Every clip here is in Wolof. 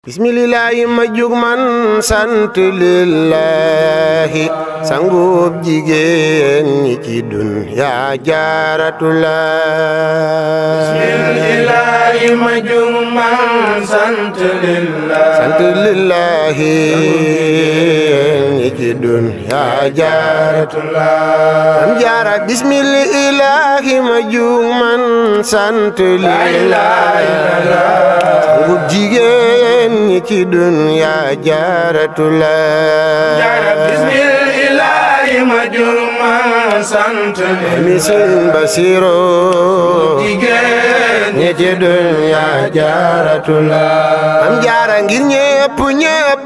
bismillaahi ma jug man sant lillaahi sangub jigéen ñi ci dun yaa jaaratulaahi bismillaahi ma jug man sant lillaahi sant lillaahi ñi ci dun yaa jaaratulaahi am jaara bismillaahi ma jug man sant lillaahi sangub jigéen ni ci dunya jaaratullah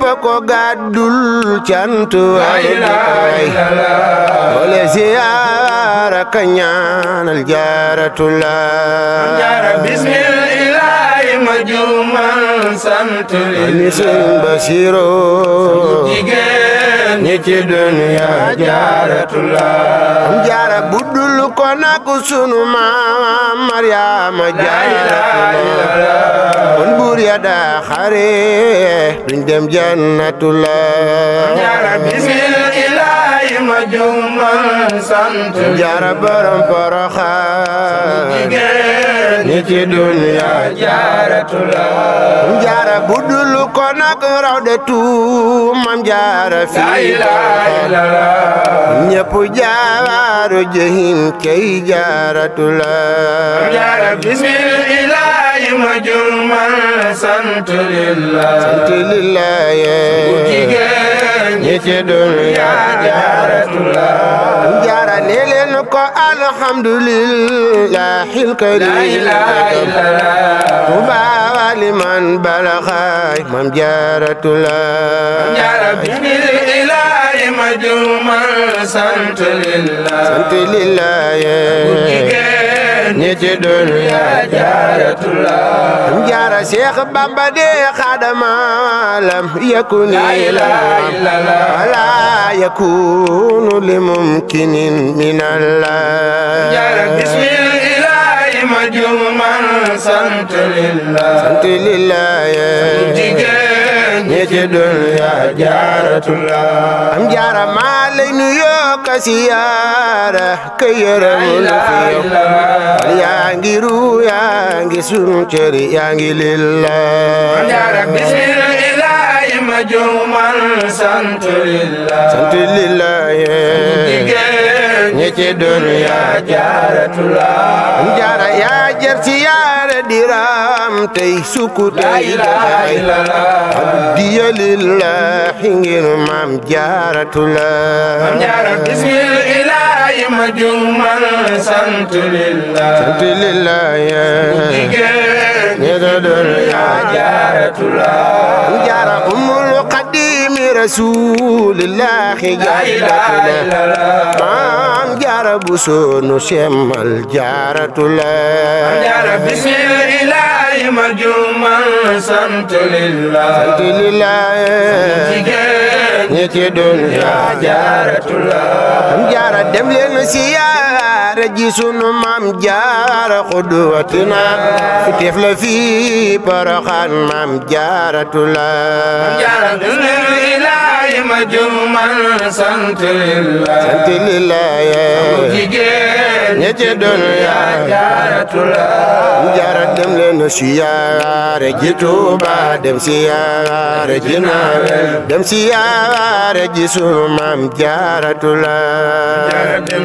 ma ko gàddul cant ay ay wala ziyaara ka ñaanal jaaratula am jaara bismillah ma juumal sant li sëñ Basiru jigéen ñi ci duniya jaaratullah am jaara budul ko nak sunu maam Mariama jaaratullah kon buur ya daa xare duñ dem jannatullah ma juumal sant jaara borom poroxaan ni ci dunya jaaratu la jaara bu dul ko nag raw de tuumam jaara fii la ñëpp jaaru jëhin kay jaaratu la jaara bismillah ma juumal sant lillah sant lillah ñi ci dunya jaaratullah jaarale leen ko alhamdulillahil karim tuba liman balaxaay mam jaaratullah jaarabilillahi majumal sant lillah sant lillah ni ci dunya jaaratullah jaara Seex Bamba de xadamalam yakuni la yakunu li mumkinin min Allah jaara bismillahi majjuman sant lillah sant lillah ji ci dunya jaaratullah am jaara maa lay nuyoo ka siyaara ka yërëm lu fi yokkal yaa ngi ru ngi sunu cër yaa ngi lillah am jaara bismillahi ma jumal sant lillah sant lillah ñi ci dunya jaaratullah am jaara yaa jar siyaara dira am tey sukku tey abdiya lillahi maam jaaratu la bismillahi ma jummal sant lillahi sant lillahi ya ngir doon yaa rasulillahi jaaratula maam jaara bu soonu semmal jaaratula bismillahi majuman sant lillahi ñi ci doon yaa jaaratula jaara dem leen jaare ji sunu maam jaara xudwatuna ku teef la fi Poroxaan maam jaaratula ma jummal sant lillah sant lillah yee jaara dem leen maam jaara dem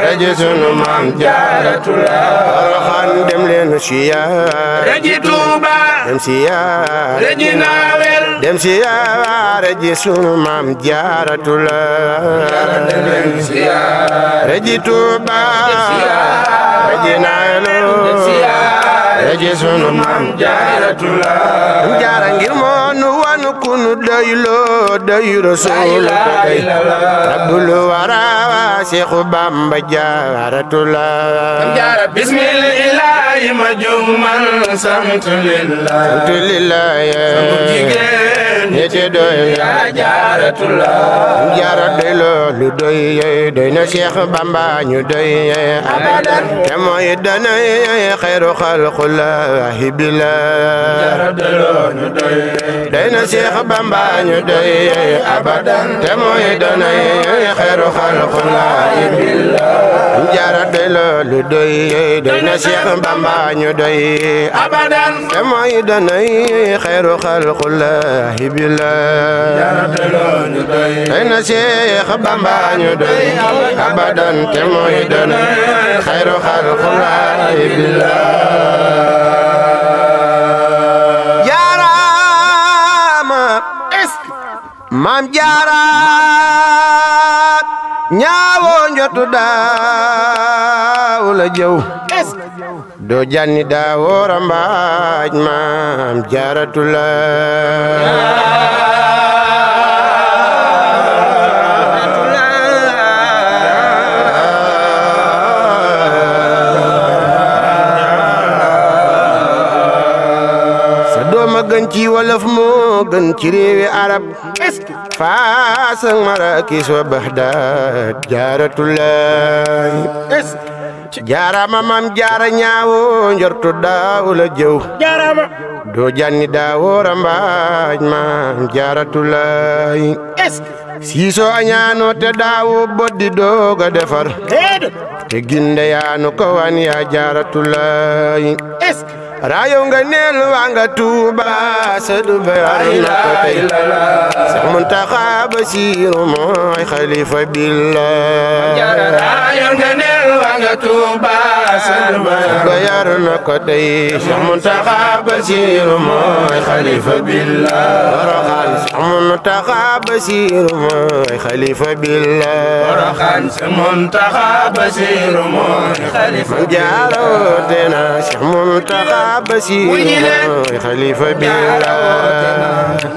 siyaare ji sunu maam jaaratu la Porokhane dem leen siyaare ji Tuuba dem siyaare ji Naawel dem siyaare ji sunu maam jaaratu la dem leen siyaare ji Tuuba siyaare ji Naawel dem siyaare ji sunu maam jaaratu la jaara ngir moo nu doyloo doy rasul doy rabbul wara Seexu Bamba jaaratula bismillahi ma jug man sant lillahi sant lillahi ñi ci doy yaa jaaratullah jaara doy loolu doy yey doy na Cheikh Bamba ñu doy yey abadan te mooy dana yey xayru xalqullahi bila jaara doy loolu doy na Cheikh Bamba ñu doy abadan te mooy dana yey yey doy na Cheikh Bamba xëy na Seex Bamba ñu doy abadan te mooy doon xayru xalqulaay billaay jaaraama maam jaaraat ñaawoo njotu daaw la jëw doo janni daa woora mbaaj maam jaaratula sa dooma gën ci wolof moo gën ci réewi arab faas ak marakis wa baxdaad jaaratula jaaraama maam jaara ñaawoo njortu daawu jëw doo janni daawoo rambaaj maam jaaratulaay siisoo añaanoo te daawoo boddi dooga defar te ginde yaanu ko wan yaa jaaratulaay raayo nga neelu waa nga tuuba sadu bayar na ko tey Muntaxa Basiiru mooy xalifa billah yaar na ko tey Cheikh Mountakha Bassirou mooy xalifa billah waraxaan Cheikh Mountakha Bassirou mooy xalifa billah waraxaan Cheikh Mountakha Bassirou mooy xalifa billah jaaloote na Cheikh Mountakha Bassirou mooy xalifa billah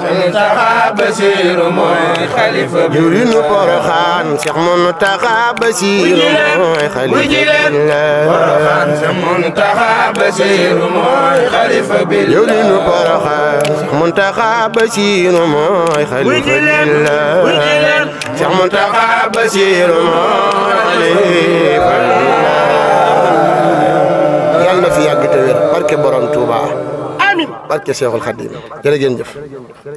Mountakha Bassirou mooy xalifa billah jurinu Poroxaan Cheikh Mountakha Bassirou mooy xalifa billah baraxaan sa muntaxa basiiru mooy xalifa billah yow li nu baraxaan muntaxa basiiru mooy xalifa billah sax muntaxa basiiru mooy xalifa billah yal na fi yàgg te wér barke borom Tuuba amiin barke Seexul Xadiim jërëjëf